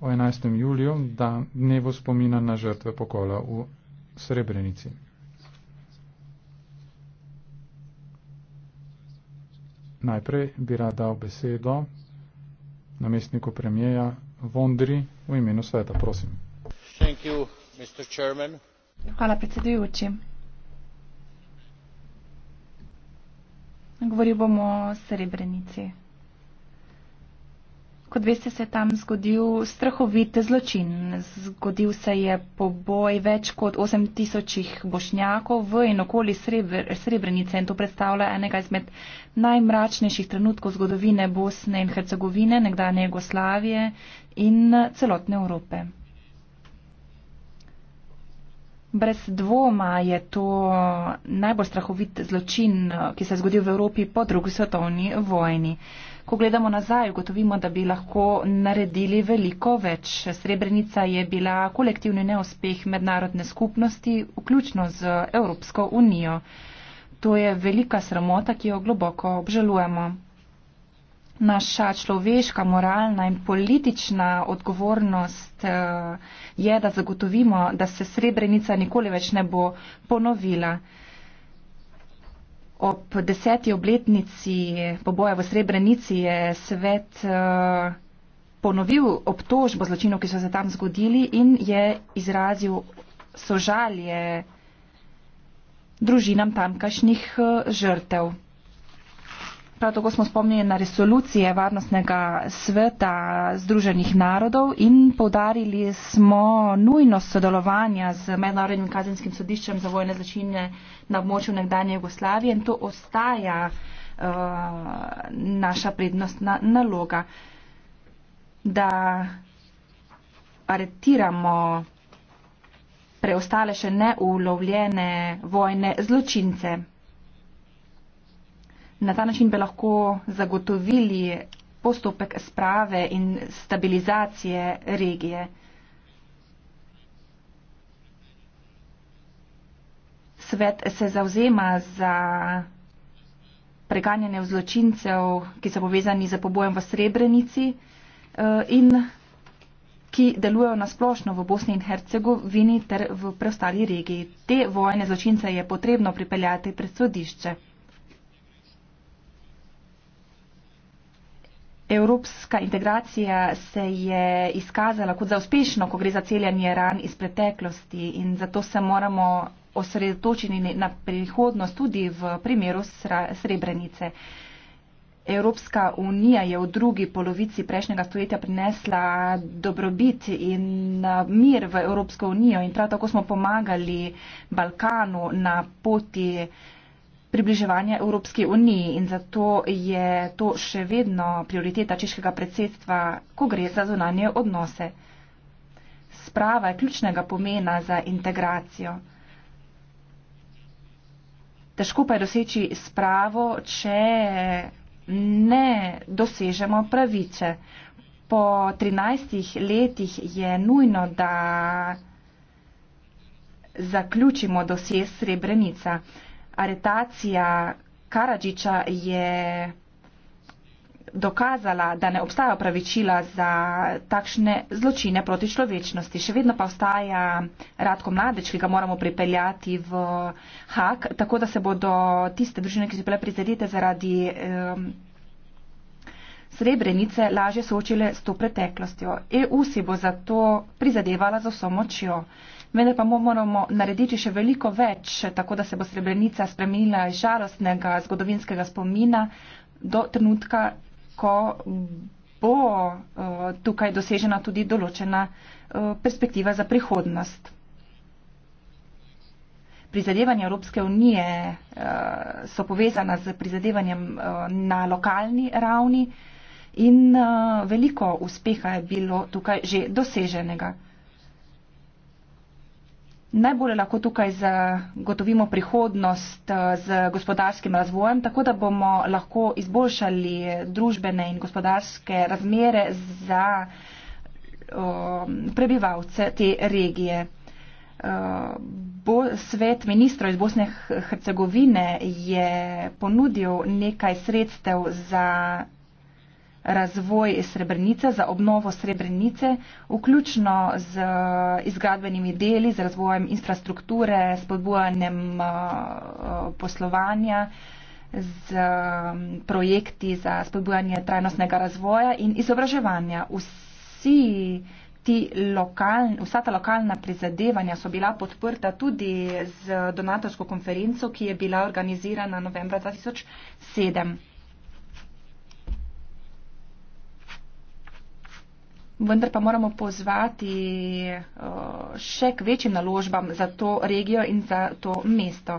o 11. juliju, da dnevo spomina na žrtve pokola v Srebrenici. Najprej bi rad dal besedo namestniku premijeja Vondri v imenu sveta, prosim. Thank you, Mr. Chairman. Hvala predsedujoči. Govoril bomo o Srebrenici kot veste, se je tam zgodil strahovit zločin. Zgodil se je poboj več kot 8000 bošnjakov v in okoli Srebr Srebrenice in to predstavlja enega izmed najmračnejših trenutkov zgodovine Bosne in Hercegovine, nekdanje Jugoslavije in celotne Evrope. Brez dvoma je to najbolj strahovit zločin, ki se je zgodil v Evropi po drugi svetovni vojni. Uh, ko gledamo nazaj, ugotovimo, da bi lahko naredili veliko več. Srebrenica je bila kolektivni neuspeh mednarodne skupnosti, vključno z Evropsko unijo. To je velika sramota, ki jo globoko obžalujemo. Naša človeška, moralna in politična odgovornost eh, je, da zagotovimo, da se Srebrenica nikoli več ne bo ponovila. Ob deseti obletnici poboja v Srebrenici je svet eh, ponovil obtožbo zločinov, ki so se tam zgodili in je izrazil sožalje družinam tamkajšnjih eh, žrtev. Prav tako smo spomnili na resolucije Varnostnega sveta Združenih narodov in podarili smo nujnost sodelovanja z Mednarodnim kazenskim sodiščem za vojne začine na območju nekdanje Jugoslavije in to ostaja uh, naša prednostna naloga, da aretiramo preostale še neulovljene vojne zločince. Na ta način bi lahko zagotovili postopek sprave in stabilizacije regije. Svet se zauzema za preganjanje zločincev, ki so povezani z pobojem v Srebrenici eh, in ki delujejo na splošno v Bosni in Hercegovini ter v preostali regiji. Te vojne zločince je potrebno pripeljati pred sodišče. Evropska integracija se je izkazala kot za uspešno, ko gre za celjanje ran iz preteklosti in zato se moramo osredotočiti na prihodnost tudi v primeru Srebrenice. Evropska unija je v drugi polovici prejšnjega stoletja prinesla dobrobit in mir v Evropsko unijo in prav tako smo pomagali Balkanu na poti približevanja Evropski uniji in zato je to še vedno prioriteta češkega predsedstva, ko gre za zunanje odnose. Sprava je ključnega pomena za integracijo. Težko pa je doseči spravo, če ne dosežemo pravice. Po 13 letih je nujno, da zaključimo dosje Srebrenica aretacija Karadžiča je dokazala, da ne obstaja pravičila za takšne zločine proti človečnosti. Še vedno pa ostaja Radko Mladeč, ki ga moramo pripeljati v Hak, tako da se bodo tiste družine, ki so bile prizadete zaradi um, srebrenice, lažje soočile s to preteklostjo. EU si bo zato prizadevala za vso močjo vendar pa moramo narediti še veliko več, tako da se bo Srebrenica spremenila iz žalostnega zgodovinskega spomina do trenutka, ko bo uh, tukaj dosežena tudi določena uh, perspektiva za prihodnost. Prizadevanja Evropske unije uh, so povezana z prizadevanjem uh, na lokalni ravni in uh, veliko uspeha je bilo tukaj že doseženega najbolj lahko tukaj zagotovimo prihodnost eh, z gospodarskim razvojem, tako da bomo lahko izboljšali družbene in gospodarske razmere za um, prebivalce te regije. Eh, svet ministrov iz Bosne in Hercegovine je ponudil nekaj sredstev za razvoj Srebrenice, za obnovo Srebrenice, vključno z eh, izgradbenimi deli, z razvojem infrastrukture, spodbujanjem eh, poslovanja, z mm, projekti za spodbujanje trajnostnega razvoja in izobraževanja. Vsi Ti lokaln, vsa ta lokalna prizadevanja so bila podprta tudi z donatorsko konferenco, ki je bila organizirana novembra 2007. Vendar pa moramo pozvati eh, še k večjim naložbam za to regijo in za to mesto.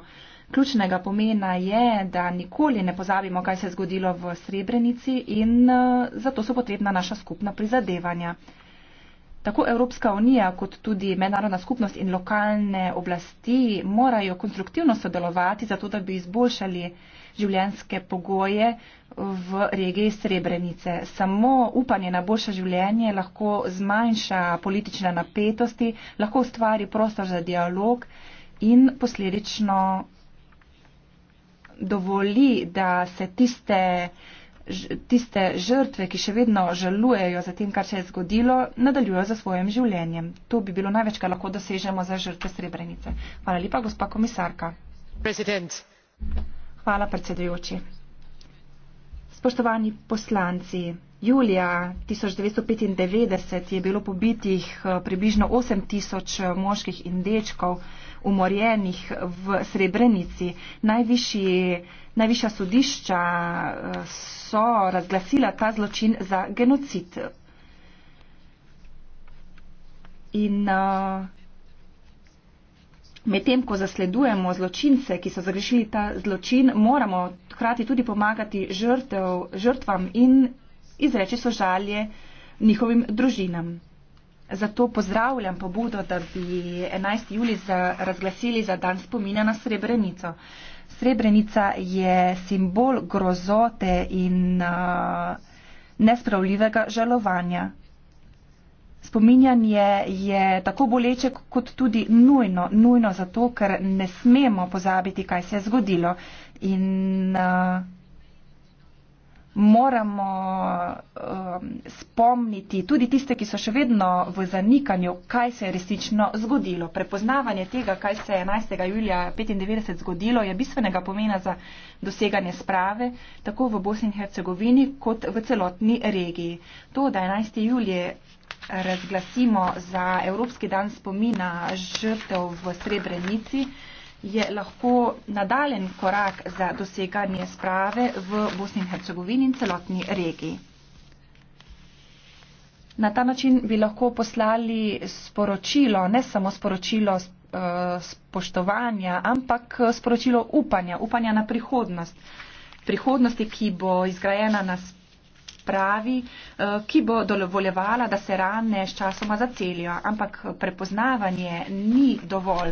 Ključnega pomena je, da nikoli ne pozabimo, kaj se je zgodilo v Srebrenici in eh, zato so potrebna naša skupna prizadevanja. Tako Evropska unija kot tudi mednarodna skupnost in lokalne oblasti morajo konstruktivno sodelovati, zato da bi izboljšali življenske pogoje v regiji Srebrenice. Samo upanje na boljše življenje lahko zmanjša politične napetosti, lahko ustvari prostor za dialog in posledično dovoli, da se tiste, tiste žrtve, ki še vedno žalujejo za tem, kar se je zgodilo, nadaljujejo za svojim življenjem. To bi bilo največ, kar lahko dosežemo za žrtve Srebrenice. Hvala lepa, gospa komisarka. Predsednik. Hvala, predsedujoči. Spoštovani poslanci, julija 1995 je bilo pobitih eh, približno 8 tisoč eh, moških in dečkov umorjenih v Srebrenici. Najvišji, najviša sodišča eh, so razglasila ta zločin za genocid. In uh, Medtem ko zasledujemo zločince, ki so zagrešili ta zločin, moramo hkrati tudi pomagati žrtev, žrtvam in izreči sožalje njihovim družinam. Zato pozdravljam pobudo, da bi 11. juli za, razglasili za dan spominja na Srebrenico. Srebrenica je simbol grozote in uh, nespravljivega žalovanja. Spominjanje je tako boleče kot tudi nujno, nujno zato, ker ne smemo pozabiti, kaj se je zgodilo. In uh, moramo uh, spomniti tudi tiste, ki so še vedno v zanikanju, kaj se je resnično zgodilo. Prepoznavanje tega, kaj se je 11. julija 1995 zgodilo, je bistvenega pomena za doseganje sprave tako v Bosni in Hercegovini kot v celotni regiji. To, da 11. julije razglasimo za Evropski dan spomina žrtev v Srebrenici, je lahko nadaljen korak za doseganje sprave v Bosni in Hercegovini in celotni regiji. Na ta način bi lahko poslali sporočilo, ne samo sporočilo eh, spoštovanja, ampak eh, sporočilo upanja, upanja na prihodnost. Prihodnosti, ki bo izgrajena na spoštovanju pravi, eh, ki bo dovoljevala, da se rane s časoma zacelijo. Ampak prepoznavanje ni dovolj.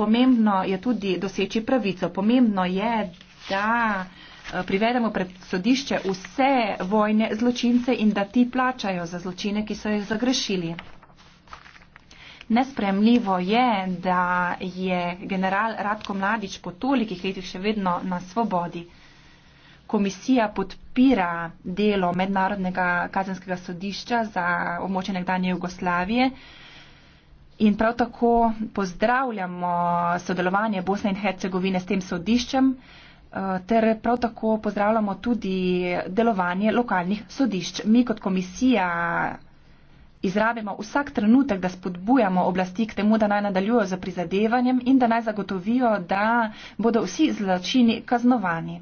Pomembno je tudi doseči pravico. Pomembno je, da eh, privedemo pred sodišče vse vojne zločince in da ti plačajo za zločine, ki so jih zagrešili. Nespremljivo je, da je general Radko Mladič po tolikih letih še vedno na svobodi komisija podpira delo Mednarodnega kazenskega sodišča za območje nekdanje Jugoslavije. In prav tako pozdravljamo sodelovanje Bosne in Hercegovine s tem sodiščem, eh, ter prav tako pozdravljamo tudi delovanje lokalnih sodišč. Mi kot komisija izrabimo vsak trenutek, da spodbujamo oblasti k temu, da naj nadaljujo z prizadevanjem in da naj zagotovijo, da bodo vsi zločini kaznovani.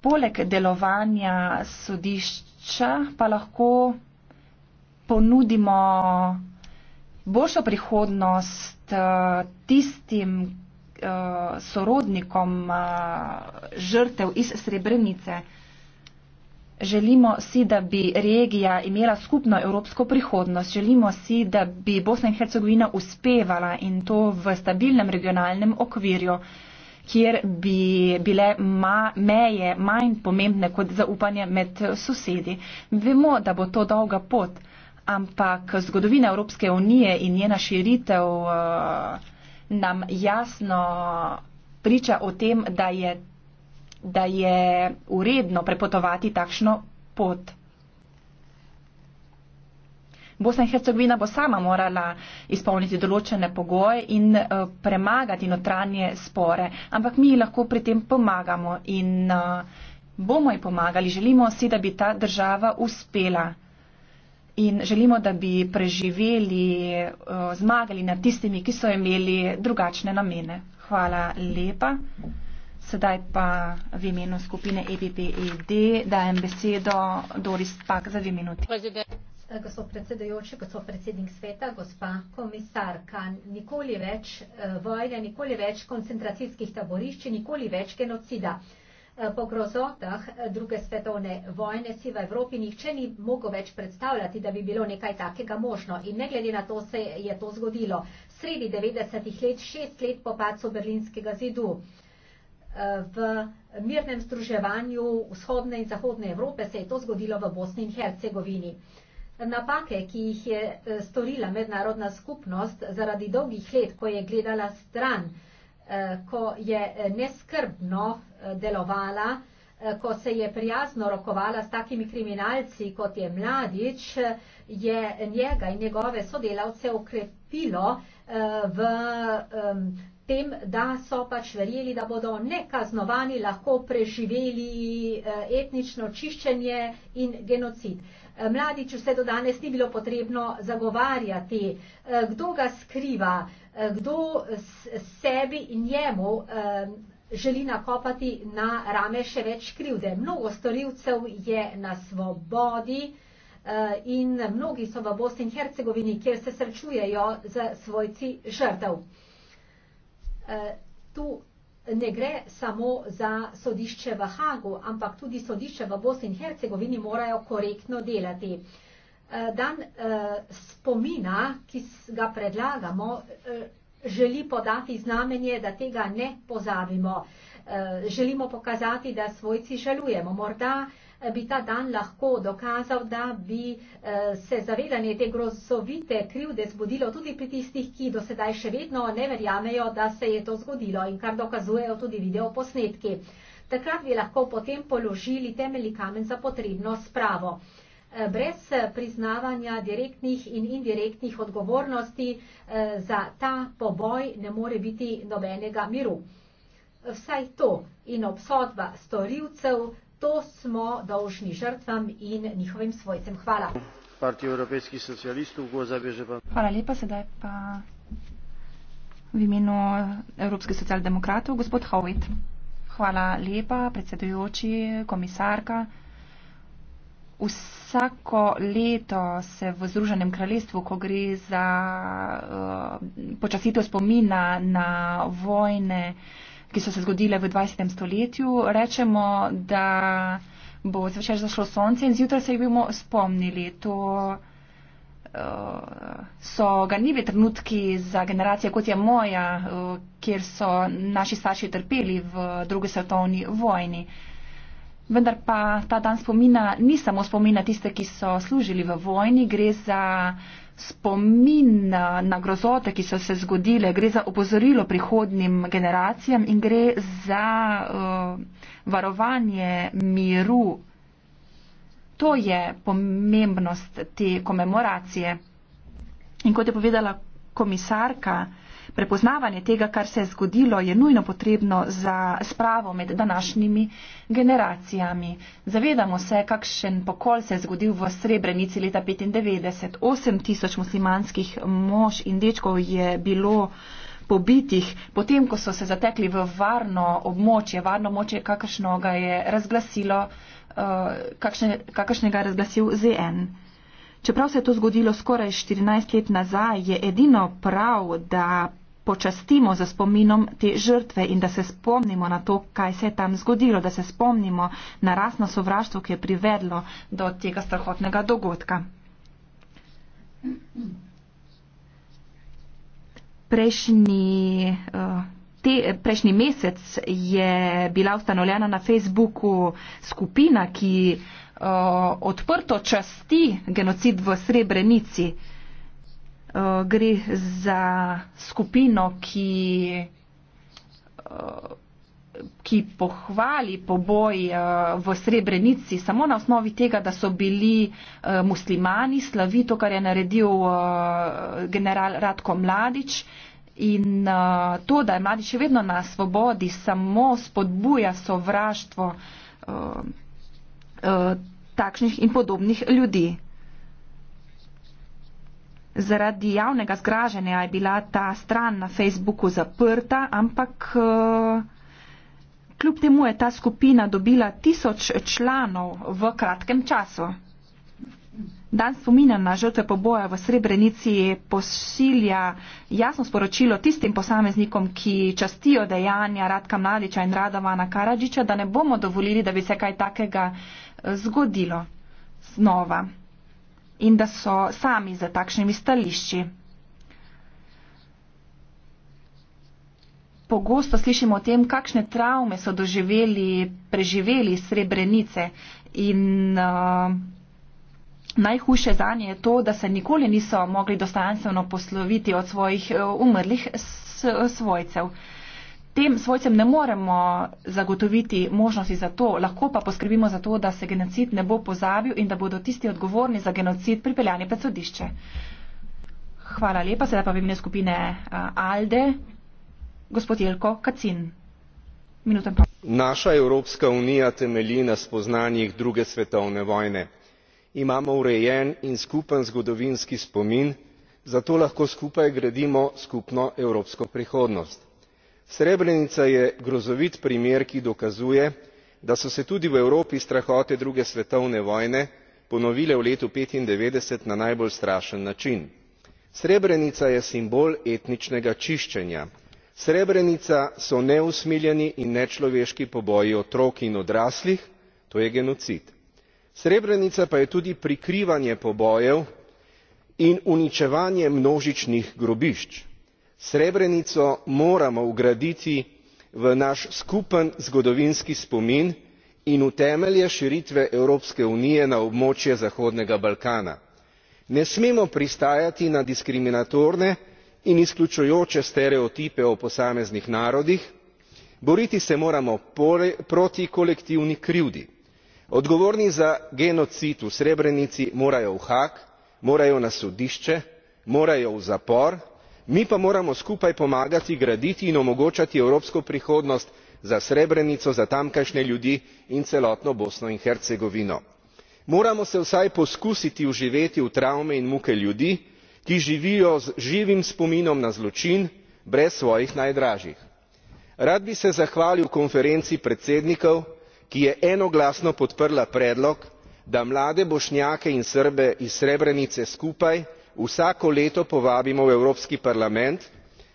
poleg delovanja sodišča pa lahko ponudimo boljšo prihodnost eh, tistim eh, sorodnikom eh, žrtev iz Srebrenice. Želimo si, da bi regija imela skupno evropsko prihodnost. Želimo si, da bi Bosna in Hercegovina uspevala in to v stabilnem regionalnem okvirju kjer bi bile ma, meje manj pomembne kot zaupanje med sosedi. Vemo, da bo to dolga pot, ampak zgodovina Evropske unije in njena širitev eh, nam jasno priča o tem, da je, da je uredno prepotovati takšno pot. Bosna in Hercegovina bo sama morala izpolniti določene pogoje in eh, premagati notranje spore, ampak mi lahko pri tem pomagamo in eh, bomo ji pomagali. Želimo si, da bi ta država uspela. In želimo, da bi preživeli, eh, zmagali nad tistimi, ki so imeli drugačne namene. Hvala lepa. Sedaj pa v imenu skupine EPPED dajem besedo Doris Pak za dve minuti. Eh, gospod predsedujoči, gospod predsednik sveta, gospa komisarka. Nikoli več eh, vojne, nikoli več koncentracijskih taborišč, nikoli več genocida. Eh, po grozotah druge svetovne vojne si v Evropi nihče ni mogel več predstavljati, da bi bilo nekaj takega možno. In ne glede na to se je to zgodilo. Sredi 90-ih let, šest let po pacu Berlinskega zidu v mirnem združevanju vzhodne in zahodne Evrope se je to zgodilo v Bosni in Hercegovini. Napake, ki jih je e, storila mednarodna skupnost zaradi dolgih let, ko je gledala stran, e, ko je e, neskrbno delovala, ko se je prijazno rokovala s takimi kriminalci, kot je mladič, je njega in njegove sodelavce okrepilo v tem, da so pač verjeli, da bodo nekaznovani lahko preživeli etnično čiščenje in genocid. Eh, Mladić vse do danes ni bilo potrebno zagovarjati, eh, kdo ga skriva, eh, kdo sebi in njemu želi nakopati na rame še več krivde. Mnogo storilcev je na svobodi in mnogi so v Bosni in Hercegovini, kjer se srečujejo z svojci žrtev. Tu ne gre samo za sodišče v Hagu, ampak tudi sodišče v Bosni in Hercegovini morajo korektno delati. Eh, dan eh, spomina, ki ga predlagamo, eh, želi podati znamenje, da tega ne pozabimo. Želimo pokazati, da svojci žalujemo. Morda bi ta dan lahko dokazal, da bi eh, se zavedanje te grozovite krivde zbudilo tudi pri tistih, ki do sedaj še vedno ne verjamejo, da se je to zgodilo in kar dokazujejo tudi videoposnetki. Takrat bi lahko potem položili temeljni kamen za potrebno spravo. Eh, brez eh, priznavanja direktnih in indirektnih odgovornosti za ta poboj ne more biti nobenega miru. Vsaj to in obsodba storilcev To smo dolžni žrtvam in njihovim svojcem. Hvala. Hvala lepa, sedaj pa v imenu Evropskih socialdemokratov, gospod Hovit. Hvala lepa, predsedujoči, komisarka. Vsako leto se v Združenem kraljestvu, ko gre za uh, počasitev spomina na vojne, uh, ki so se zgodile v 20. stoletju. Rečemo, da bo zvečer zašlo sonce in zjutraj se jih bomo spomnili. To uh, so ganljivi trenutki za generacije, kot je moja, uh, kjer so naši starši trpeli v drugi svetovni vojni. Vendar pa ta dan spomina ni samo spomina tiste, ki so služili v vojni, gre za spomin na, na grozote, ki so se zgodile, gre za opozorilo prihodnim generacijam in gre za uh, varovanje miru. To je pomembnost te komemoracije. In kot je povedala komisarka, uh, prepoznavanje tega, kar se je zgodilo, je nujno potrebno za spravo med današnjimi generacijami. Zavedamo se, kakšen pokol se je zgodil v Srebrenici leta 1995. 8 tisoč muslimanskih mož in dečkov je bilo pobitih, potem ko so se zatekli v varno območje, varno območje, kakšno ga je razglasilo, eh, kakšne, kakšnega je razglasil ZN. Čeprav se je to zgodilo skoraj 14 let nazaj, je edino prav, da počastimo za spominom te žrtve in da se spomnimo na to, kaj se je tam zgodilo, da se spomnimo na rasno sovraštvo, ki je privedlo do tega strahotnega dogodka. Prejšnji, eh, te, prejšnji mesec je bila ustanovljena na Facebooku skupina, ki eh, odprto časti genocid v Srebrenici uh, gre za skupino, ki, uh, ki pohvali poboj uh, eh, v Srebrenici samo na osnovi tega, da so bili uh, muslimani, slavi to, kar je naredil uh, general Radko Mladić. In uh, to, da je mladi še vedno na svobodi, samo spodbuja sovraštvo uh, uh, takšnih in podobnih ljudi. Zaradi javnega zgražanja je bila ta stran na Facebooku zaprta, ampak eh, kljub temu je ta skupina dobila tisoč članov v kratkem času. Dan spomina na žrtve poboja v Srebrenici posilja jasno sporočilo tistim posameznikom, ki častijo dejanja Radka Mladiča in Radovana Karadžiča, da ne bomo dovolili, da bi se kaj takega eh, zgodilo znova in da so sami za takšnimi stališči. Pogosto slišimo o tem, kakšne travme so doživeli, preživeli srebrenice in uh, najhujše za nje je to, da se nikoli niso mogli dostojanstveno posloviti od svojih uh, umrlih svojcev. Uh, tem svojcem ne moremo zagotoviti možnosti za to, lahko pa poskrbimo za to, da se genocid ne bo pozabil in da bodo tisti odgovorni za genocid pripeljani pred sodišče. Hvala lepa, sedaj pa v imenu skupine eh, Alde, gospod Jelko Kacin. Naša Evropska unija temelji na spoznanjih druge svetovne vojne. Imamo urejen in skupen zgodovinski spomin, zato lahko skupaj gradimo skupno evropsko prihodnost srebrenica je grozovit primer ki dokazuje da so se tudi v evropi strahote druge svetovne vojne ponovile v letu petindevetdeset na najbolj strašen način. srebrenica je simbol etničnega čiščenja srebrenica so neusmiljeni in nečloveški poboji otrok in odraslih to je genocid. srebrenica pa je tudi prikrivanje pobojev in uničevanje množičnih grobišč srebrenico moramo vgraditi v naš skupen zgodovinski spomin in v temelje širitve evropske unije na območje zahodnega balkana. ne smemo pristajati na diskriminatorne in izključujoče stereotipe o posameznih narodih boriti se moramo proti kolektivni krivdi. odgovorni za genocid v srebrenici morajo v haag morajo na sodišče morajo v zapor mi pa moramo skupaj pomagati graditi in omogočati evropsko prihodnost za srebrenico za tamkajšnje ljudi in celotno bosno in hercegovino. moramo se vsaj poskusiti vživeti v travme in muke ljudi ki živijo z živim spominom na zločin brez svojih najdražjih. rad bi se zahvalil konferenci predsednikov ki je enoglasno podprla predlog da mlade bošnjake in srbe iz srebrenice skupaj vsako leto povabimo v evropski parlament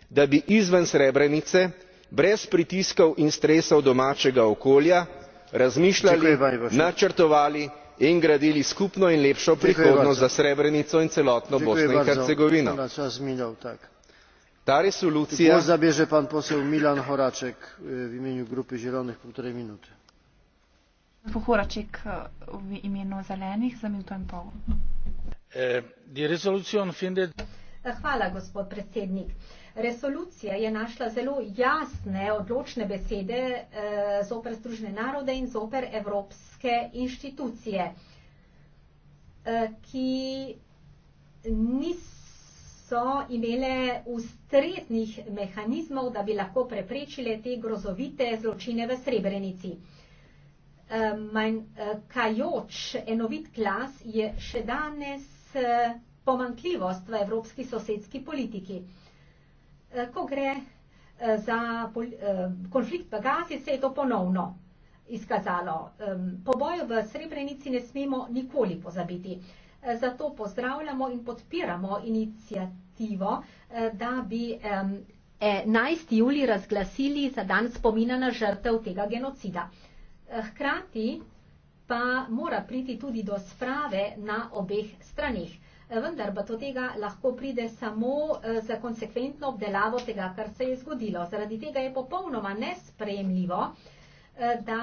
da bi izven srebrenice brez pritiskov in stresov domačega okolja razmišljali načrtovali in gradili skupno in lepšo prihodnost za srebrenico in celotno bosno in hercegovino. ta resolucija Eh, eh, resolucija je našla zelo jasne odločne besede eh, zoper združene narode in zoper evropske inštitucije eh, ki niso imele ustreznih mehanizmov, da bi lahko preprečile te grozovite zločine v Srebrenici. Manjkajoč enovit glas je še danes Eh, pomankljivost v evropski sosedski politiki. Eh, ko gre eh, za konflikt v Gazi, se je to ponovno izkazalo. Poboj v Srebrenici ne smemo nikoli pozabiti. Zato pozdravljamo in podpiramo inicijativo, da bi 11. juli razglasili za dan spomina na žrtev tega genocida. Hkrati pa mora priti tudi do sprave na obeh straneh. Vendar pa do tega lahko pride samo eh, za konsekventno obdelavo tega, kar se je zgodilo. Zaradi tega je popolnoma nesprejemljivo, eh, da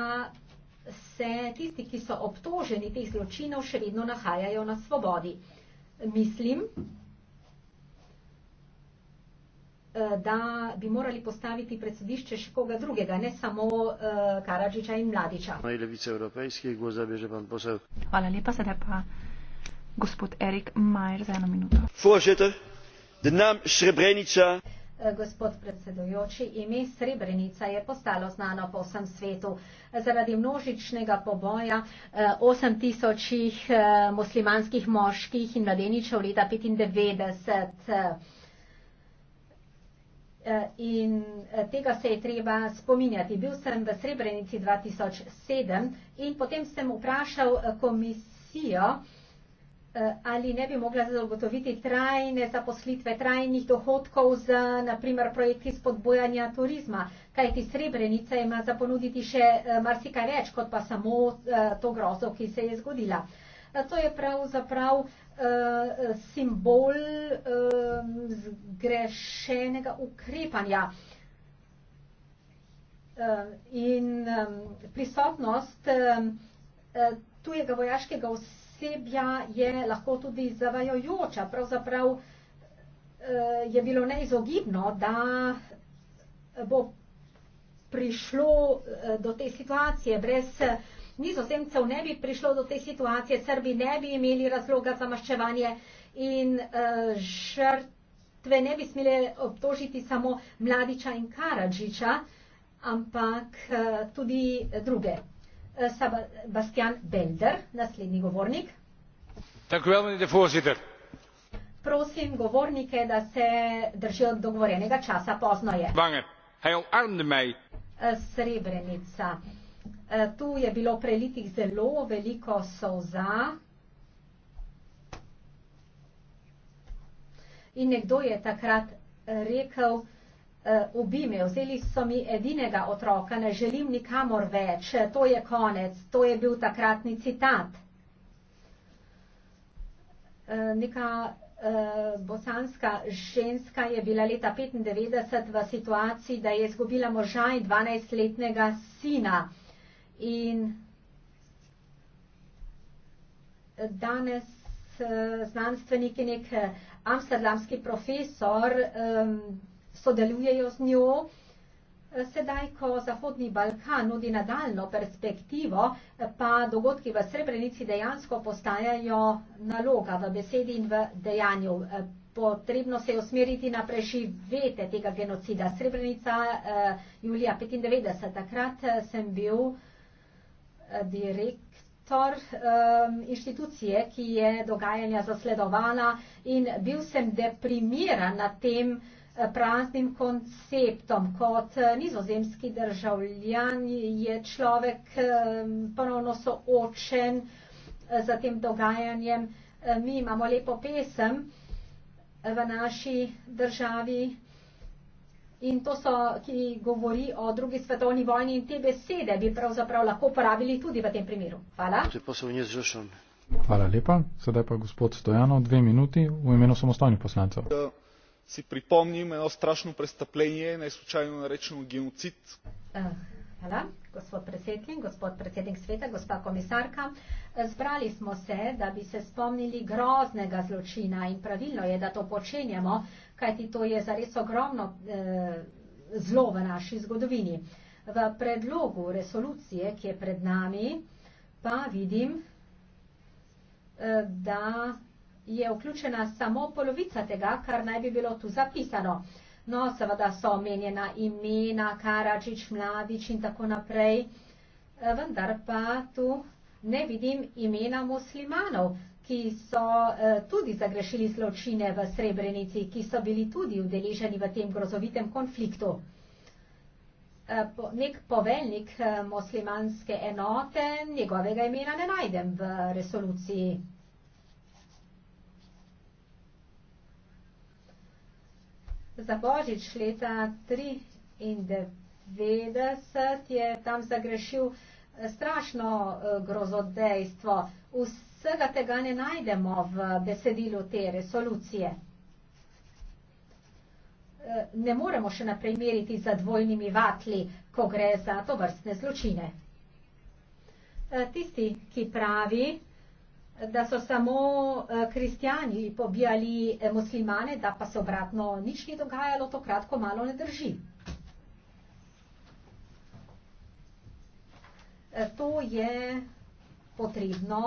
se tisti, ki so obtoženi teh zločinov, še vedno nahajajo na svobodi. Mislim, Eh, da bi morali postaviti pred sodišče še koga drugega, ne samo eh, Karadžiča in Mladiča. Hvala lepa, sedaj pa gospod Erik Majer za eno minuto. Voorzitter, de naam Srebrenica. Eh, gospod predsedujoči, ime Srebrenica je postalo znano po vsem svetu. Zaradi množičnega poboja 8000 muslimanskih moških in mladeničev leta 1995 Eh, in eh, tega se je treba spominjati. Bil sem v Srebrenici 2007 in potem sem vprašal eh, komisijo, ali ne bi mogla zagotoviti trajne zaposlitve, trajnih dohodkov za naprimer projekti spodbojanja turizma, kajti Srebrenica ima za ponuditi še marsikaj več, kot pa samo to grozo, ki se je zgodila. To je pravzaprav prav Eh, simbol eh, zgrešenega ukrepanja. Eh, in prisotnost tujega vojaškega osebja je lahko tudi zavajojoča. Pravzaprav je bilo neizogibno, da bo prišlo do te situacije brez nizozemcev ne bi prišlo do te situacije, Srbi ne bi imeli razloga za maščevanje in eh, žrtve ne bi smele obtožiti samo Mladiča in Karadžiča, ampak eh, tudi druge. Eh, Sebastian Belder, naslednji govornik. Prosim govornike, da se držijo dogovorenega časa, pozno je. Srebrenica. Eh, tu je bilo prelitih zelo veliko solza. In nekdo je takrat eh, rekel, eh, ubij me, vzeli so mi edinega otroka, ne želim nikamor več, to je konec, to je bil takratni citat. Neka bosanska ženska je bila leta 1995 v situaciji, da je izgubila moža in 12-letnega sina. In danes eh, znanstvenik in nek amsterdamski profesor um, sodelujejo z njo. Eh, sedaj, ko Zahodni Balkan nudi nadaljno perspektivo, eh, pa dogodki v Srebrenici dejansko postajajo naloga v besedi in v dejanju. Potrebno se je usmeriti na preživete tega genocida. Srebrenica, eh, julija 1995, takrat sem bil eh, direktor um, inštitucije, ki je dogajanja zasledovala in bil sem deprimiran nad tem eh, praznim konceptom. Kot eh, nizozemski državljan je človek um, ponovno soočen za eh, tem dogajanjem. Mi imamo lepo pesem v naši državi in to so, ki govori o drugi svetovni vojni in te besede bi pravzaprav lahko uporabili tudi v tem primeru. Hvala. Hvala lepa. Sedaj pa gospod Stojano, dve minuti v imenu samostojnih poslancev. Si pripomnim eno strašno prestapljenje, najslučajno rečeno genocid. Eh, hvala, gospod predsednik, gospod predsednik sveta, gospa komisarka. Zbrali smo se, da bi se spomnili groznega zločina in pravilno je, da to počenjamo, kajti to je zares ogromno eh, zlo v naši zgodovini. V predlogu resolucije, ki je pred nami, pa vidim, eh, da je vključena samo polovica tega, kar naj bi bilo tu zapisano. No, seveda so omenjena imena, Karačič, Mladič in tako naprej, eh, vendar pa tu ne vidim imena muslimanov, ki so eh, tudi zagrešili zločine v Srebrenici, ki so bili tudi udeleženi v tem grozovitem konfliktu. Eh, po, nek poveljnik eh, muslimanske enote, njegovega imena ne najdem v resoluciji. Za Božič leta 1993 je tam zagrešil eh, strašno eh, grozodejstvo. Vse Vsega tega ne najdemo v besedilu te resolucije. E, ne moremo še naprej meriti za dvojnimi vatli, ko gre za to vrstne zločine. E, tisti, ki pravi, da so samo e, kristijani pobijali muslimane, da pa se obratno nič ni dogajalo, to kratko malo ne drži. To je potrebno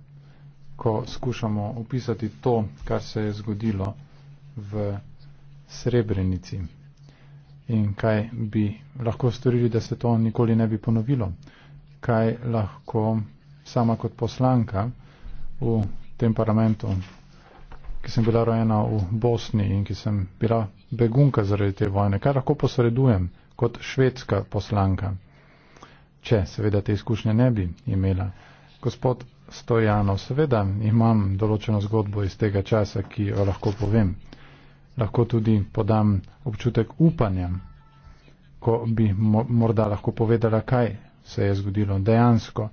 ko skušamo opisati to, kar se je zgodilo v Srebrenici in kaj bi lahko storili, da se to nikoli ne bi ponovilo, kaj lahko sama kot poslanka v tem parlamentu, ki sem bila rojena v Bosni in ki sem bila begunka zaradi te vojne, kaj lahko posredujem kot švedska poslanka, če seveda te izkušnje ne bi imela. Gospod Stojano, seveda imam določeno zgodbo iz tega časa, ki jo lahko povem. Lahko tudi podam občutek upanja, ko bi morda lahko povedala, kaj se je zgodilo dejansko.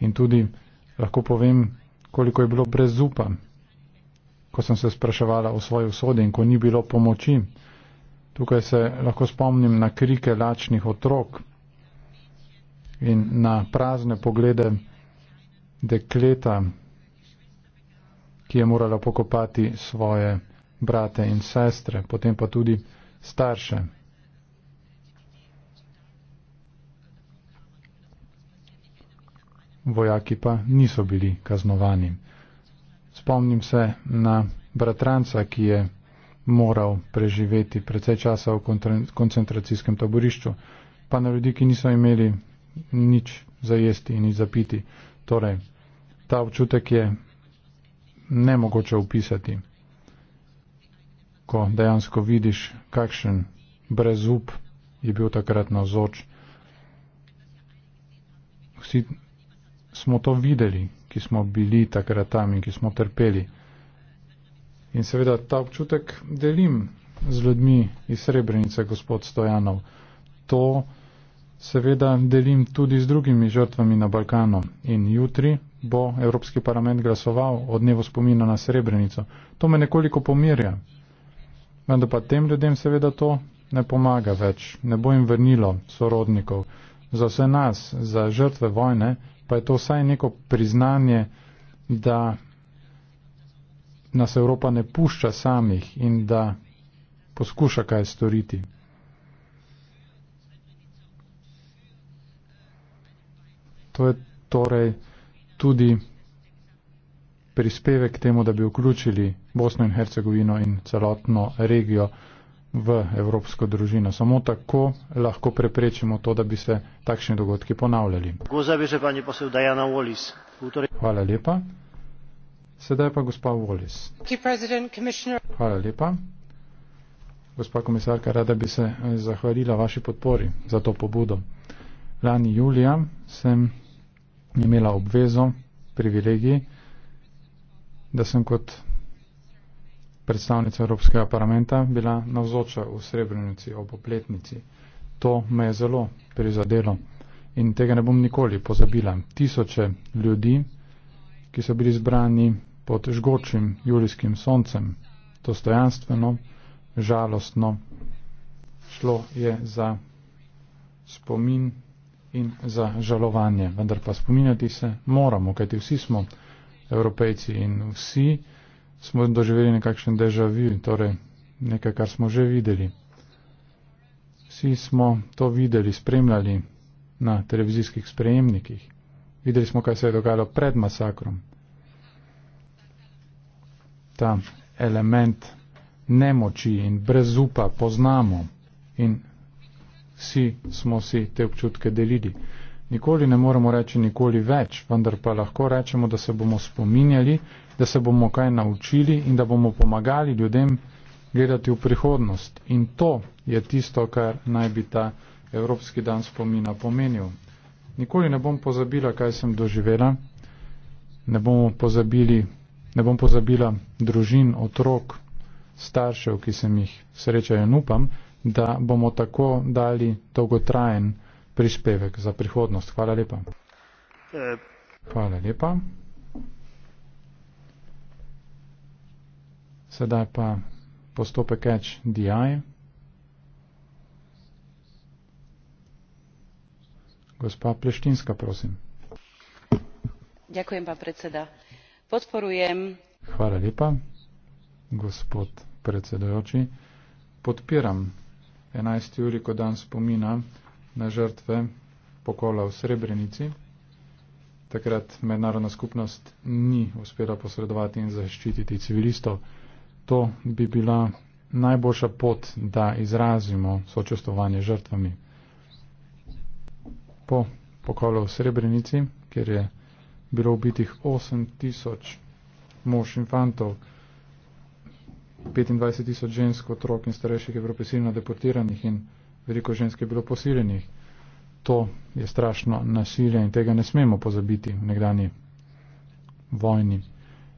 In tudi lahko povem, koliko je bilo brez upa, ko sem se spraševala o svoji usodi in ko ni bilo pomoči. Tukaj se lahko spomnim na krike lačnih otrok in na prazne poglede dekleta, ki je morala pokopati svoje brate in sestre, potem pa tudi starše. Vojaki pa niso bili kaznovani. Spomnim se na bratranca, ki je moral preživeti precej časa v koncentracijskem taborišču, pa na ljudi, ki niso imeli nič za jesti in nič za piti. Torej, ta občutek je nemogoče upisati, ko dejansko vidiš, kakšen brezup je bil takrat na zoč. Vsi smo to videli, ki smo bili takrat tam in ki smo trpeli. In seveda ta občutek delim z ljudmi iz Srebrenice, gospod Stojanov. To seveda delim tudi z drugimi žrtvami na Balkanu. In jutri bo Evropski parlament glasoval o dnevu spomina na Srebrenico. To me nekoliko pomirja. Vendar pa tem ljudem seveda to ne pomaga več, ne bo jim vrnilo sorodnikov. Za vse nas, za žrtve vojne, pa je to vsaj neko priznanje, da nas Evropa ne pušča samih in da poskuša kaj storiti. To je torej tudi prispevek k temu, da bi vključili Bosno in Hercegovino in celotno regijo v evropsko družino. Samo tako lahko preprečimo to, da bi se takšni dogodki ponavljali. Hvala lepa. Sedaj pa gospa Wallis. Hvala lepa. Gospa komisarka, rada bi se eh, zahvalila vaši podpori za to pobudo. Lani julija sem imela obvezo, privilegij, da sem kot predstavnica Evropskega parlamenta bila navzoča v Srebrenici ob obletnici. To me je zelo prizadelo in tega ne bom nikoli pozabila. Tisoče ljudi, ki so bili zbrani pod žgočim julijskim soncem, dostojanstveno, žalostno, šlo je za spomin in za žalovanje. Vendar pa spominjati se moramo, kajti vsi smo evropejci in vsi smo doživeli nekakšen državi, torej nekaj, kar smo že videli. Vsi smo to videli, spremljali na televizijskih sprejemnikih. Videli smo, kaj se je dogajalo pred masakrom. Ta element nemoči in brezupa poznamo in vsi smo si te občutke delili. Nikoli ne moremo reči nikoli več, vendar pa lahko rečemo, da se bomo spominjali, da se bomo kaj naučili in da bomo pomagali ljudem gledati v prihodnost. In to je tisto, kar naj bi ta Evropski dan spomina pomenil. Nikoli ne bom pozabila, kaj sem doživela, ne bom, pozabili, ne bom pozabila družin, otrok, staršev, ki sem jih srečala in upam, da bomo tako dali dolgotrajen prispevek za prihodnost. Hvala lepa. Eh. Hvala lepa. Sedaj pa postopek HDI. Gospa Pleštinska, prosim. Ďakujem, pán predseda. Podporujem. Hvala lepa, gospod predsedujoči. Podpiram 11. uri, ko dan spomina na žrtve pokola v Srebrenici. Takrat mednarodna skupnost ni uspela posredovati in zaščititi civilistov. To bi bila najboljša pot, da izrazimo sočustovanje žrtvami. Po pokolu v Srebrenici, kjer je bilo ubitih 8000 mož in fantov, 25 tisoč žensk, otrok in starejših je bilo prisilno deportiranih in veliko žensk je bilo posiljenih. To je strašno nasilje in tega ne smemo pozabiti v nekdani vojni.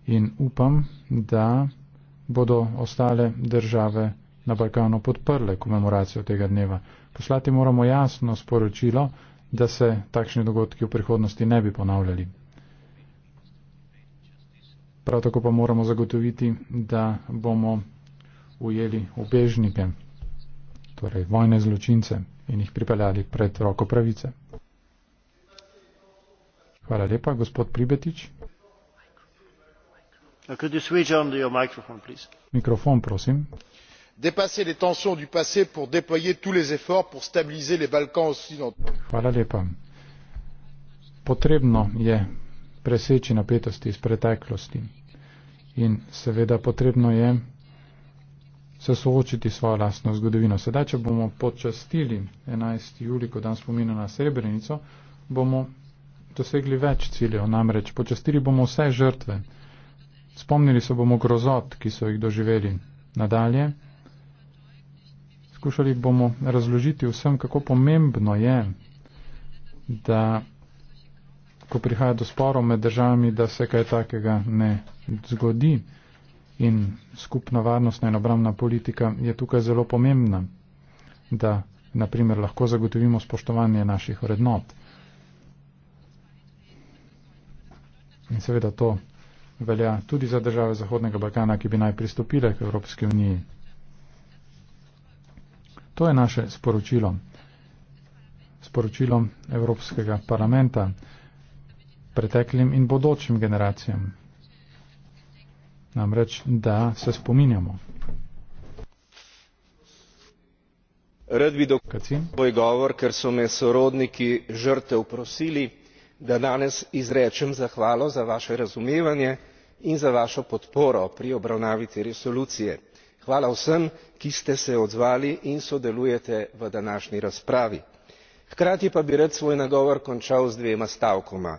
In upam, da bodo ostale države na Balkanu podprle komemoracijo tega dneva. Poslati moramo jasno sporočilo, da se takšni dogodki v prihodnosti ne bi ponavljali. Prav tako pa moramo zagotoviti, da bomo ujeli ubežnike, torej vojne zločince in jih pripeljali pred roko pravice. Hvala lepa, gospod Pribetič. Mikrofon, prosim. Dépasser les tensions du passé pour déployer tous les efforts pour stabiliser les Balkans occidentaux. Hvala lepa. Potrebno je preseči napetosti iz preteklosti. In seveda potrebno je se soočiti svojo lastno zgodovino. Sedaj, če bomo počastili 11. juli, ko dan spomina na Srebrenico, bomo dosegli več ciljev, namreč počastili bomo vse žrtve. Spomnili se bomo grozot, ki so jih doživeli nadalje. Skušali bomo razložiti vsem, kako pomembno je, da ko prihaja do sporov med državami, da se kaj takega ne zgodi. In skupna varnostna in obramna politika je tukaj zelo pomembna, da naprimer lahko zagotovimo spoštovanje naših vrednot. In seveda to velja tudi za države Zahodnega Balkana, ki bi naj pristopile k Evropski uniji. To je naše sporočilo. Sporočilo Evropskega parlamenta preteklim in bodočim generacijam. Namreč, da se spominjamo. Rad bi dokončal svoj govor, ker so me sorodniki žrtev prosili, da danes izrečem zahvalo za vaše razumevanje in za vašo podporo pri obravnavi te resolucije. Hvala vsem, ki ste se odzvali in sodelujete v današnji razpravi. Hkrati pa bi rad svoj nagovor končal z dvema stavkoma.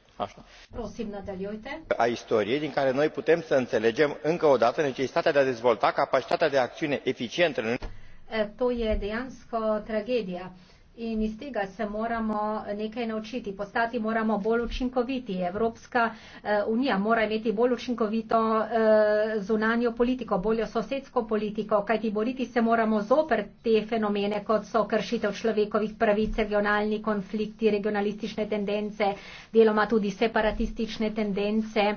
a istoriei din care noi putem să înțelegem încă o dată necesitatea de a dezvolta capacitatea de acțiune eficientă în uniunea e, europeană. In iz tega se moramo eh, nekaj naučiti, postati moramo bolj učinkoviti. Evropska eh, unija mora imeti bolj učinkovito eh, zunanjo politiko, boljo sosedsko politiko, kajti boriti se moramo zoper te fenomene, kot so kršitev človekovih pravic, regionalni konflikti, regionalistične tendence, deloma tudi separatistične tendence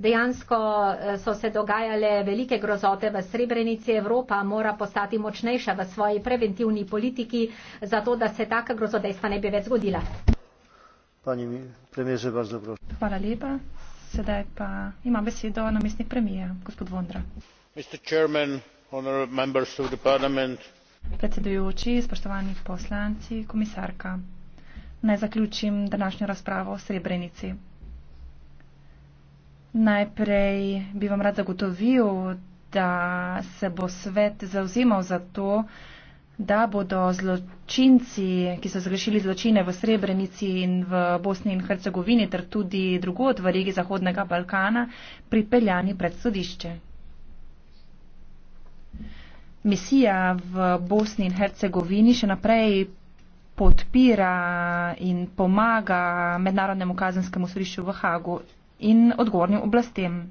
dejansko eh, so se dogajale velike grozote v Srebrenici. Evropa mora postati močnejša v svoji preventivni politiki, zato da se taka grozodejstva ne bi več zgodila. Pani premijer, že vas dobro. Hvala lepa. Sedaj pa ima besedo namestnik premije, gospod Vondra. Predsedujoči, spoštovani poslanci, komisarka. Naj zaključim današnjo razpravo o Srebrenici. Najprej bi vam rad zagotovil, da se bo svet zauzemal za to, da bodo zločinci, ki so zagrešili zločine v Srebrenici in v Bosni in Hercegovini ter tudi drugod v regiji Zahodnega Balkana, pripeljani pred sodišče. Misija v Bosni in Hercegovini še naprej podpira in pomaga mednarodnemu kazenskemu sodišču v Hagu in odgovornim oblastem.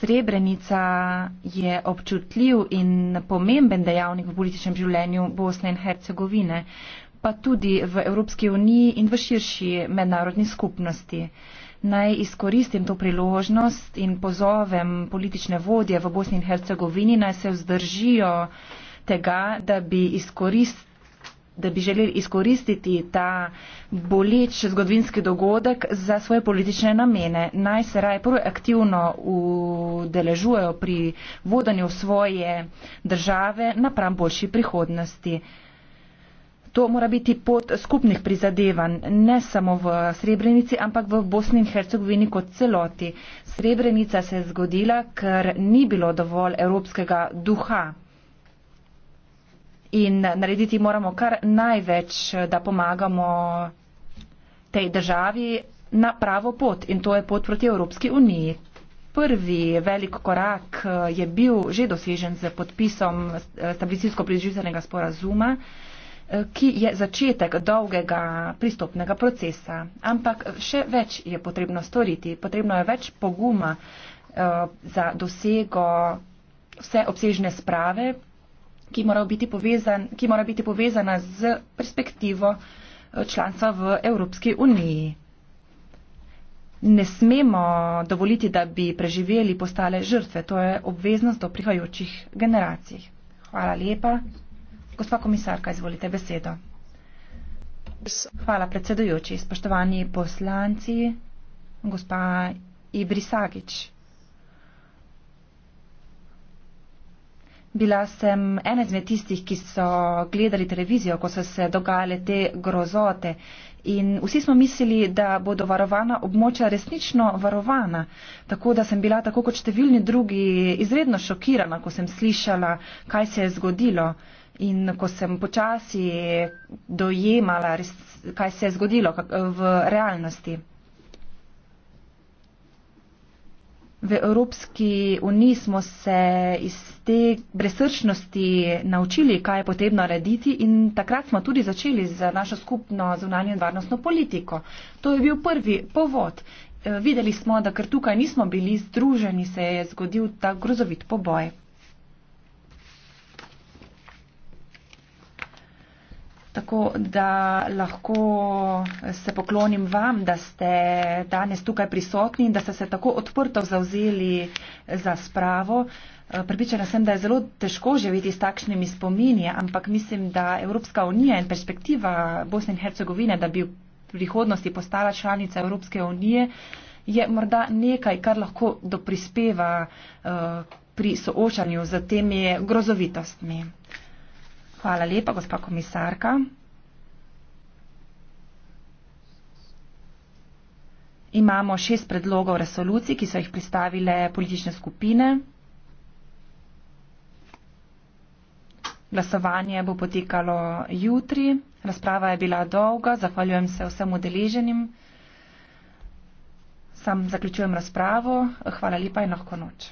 Srebrenica je občutljiv in pomemben dejavnik v političnem življenju Bosne in Hercegovine, pa tudi v Evropski uniji in v širši mednarodni skupnosti. Naj izkoristim to priložnost in pozovem politične vodje v Bosni in Hercegovini, naj se vzdržijo tega, da bi izkoristili da bi želeli izkoristiti ta boleč zgodovinski dogodek za svoje politične namene. Naj se raje prvo aktivno udeležujejo pri vodanju svoje države napram boljši prihodnosti. To mora biti pot skupnih prizadevanj, ne samo v Srebrenici, ampak v Bosni in Hercegovini kot celoti. Srebrenica se je zgodila, ker ni bilo dovolj evropskega duha in narediti moramo kar največ, da pomagamo tej državi na pravo pot in to je pot proti Evropski uniji. Prvi velik korak eh, je bil že dosežen z podpisom eh, stabilizijsko-prizdružitvenega sporazuma, eh, ki je začetek dolgega pristopnega procesa. Ampak še več je potrebno storiti, potrebno je več poguma za dosego vse obsežne sprave, ki mora biti, povezan, ki mora biti povezana z perspektivo eh, članstva v Evropski uniji. Ne smemo dovoliti, da bi preživeli postale žrtve. To je obveznost do prihajajočih generacij. Hvala lepa. Gospa komisarka, izvolite besedo. Hvala predsedujoči, spoštovani poslanci, gospa Ibrisagič. Bila sem ena izmed tistih, ki so gledali televizijo, ko so se dogajale te grozote. In vsi smo mislili, da bodo varovana območja resnično varovana. Tako da sem bila, tako kot številni drugi, izredno šokirana, ko sem slišala, kaj se je zgodilo. In ko sem počasi dojemala, res, kaj se je zgodilo v realnosti. V Evropski uniji smo se iz te brezsrčnosti naučili, kaj je potrebno narediti in takrat smo tudi začeli z našo skupno zunanje in varnostno politiko. To je bil prvi povod. Eh, videli smo, da ker tukaj nismo bili združeni, se je zgodil ta grozovit poboj. tako, da lahko se poklonim vam, da ste danes tukaj prisotni in da ste se tako odprto zauzeli za spravo. Eh, pripričana sem, da je zelo težko živeti s takšnimi spominji, ampak mislim, da Evropska unija in perspektiva Bosne in Hercegovine, da bi v prihodnosti postala članica Evropske unije, je morda nekaj, kar lahko doprispeva eh, pri soočanju z temi grozovitostmi. Hvala lepa, gospa komisarka. Imamo šest predlogov resolucij, ki so jih pristavile politične skupine. Glasovanje bo potekalo jutri. Razprava je bila dolga. Zahvaljujem se vsem udeleženim. Sam zaključujem razpravo. Hvala lepa in lahko noč.